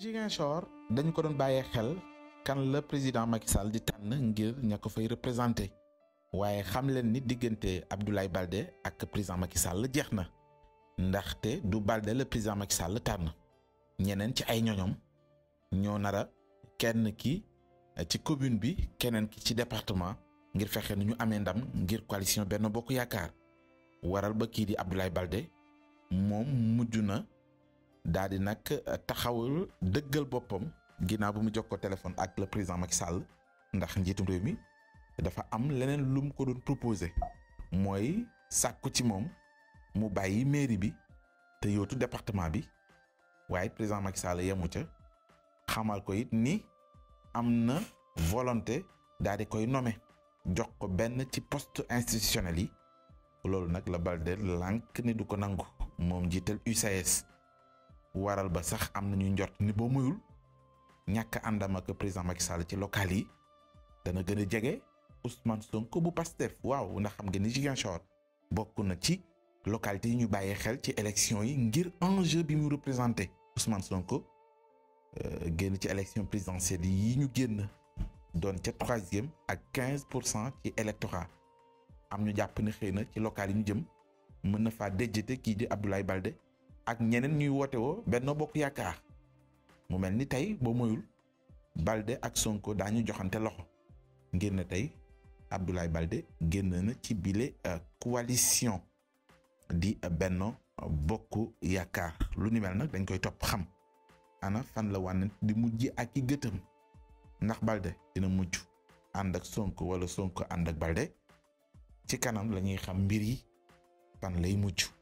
Ziguinchor dañ ko doon bàyyee xel kan la président Macky Sall di tànn ngir ña ko fay représenté waaye xam leen ni diggante Abdoulaye Balde ak président Macky Sall jeex na ndaxte du Balde la président Macky Sall tànn ñeneen ci ay ñoñom ñoo nara kenn ki ci commune bi keneen ki ci département ngir fexe nu ñu amee ndam ngir coalition benn Bokk Yaakaar waral ba kii di Abdoulaye Balde moom mujj na daa di nag euh, taxawal dëggal boppam ginnaaw bu mu jokkoo téléphone ak le président Macky Sall ndax njiitum réew mi dafa am leneen lum ko doon proposé mooy sàkku ci moom mu bàyyi mairie bi te yootu département bi waaye président Macky Sall yemu ca xamal ko it ni am na volonté daal di koy nommer jox ko benn ci post institutionnel yi loolu nag la Balde lànk ni du ko nangu moom jiital UCS waral ba sax am nañu njort ni boo muyul ñàkk àndam ak président Macky Sall ci local yi dana gën a jege Ousmane Sonko bu Pastef waaw ndax xam nga ni Ziguinchor bokk na ci localité yi ñu bàyyee xel ci élection yi ngir enjeu bi mu représenté Ousmane Sonko euh, génn ci élection présidentielle yi ñu génn doon ca troisième ak quinze pour cent ci électorat am ñu jàpp ne xëy na ci local yi ñu jëm mën na faa déjjate kii di Abdoulaye Balde ak ñeneen ñuy woote woo Benno Bokk Yaakaar mu mel ni tey boo moyul Balde ak Sonko daañu joxante loxo ngir ne tey Abdoulaye Balde génn na ci bile euh, coalition di euh, Benno Bokk Yaakaar lu ni mel nag dañ koy topp xam ana fan la wànnent di mujj ak i gëtëm ndax Balde dina mujj ànd ak Sonko wala Sonko ànd ak Balde ci kanam la ñuy xam mbir yi fan lay mujj.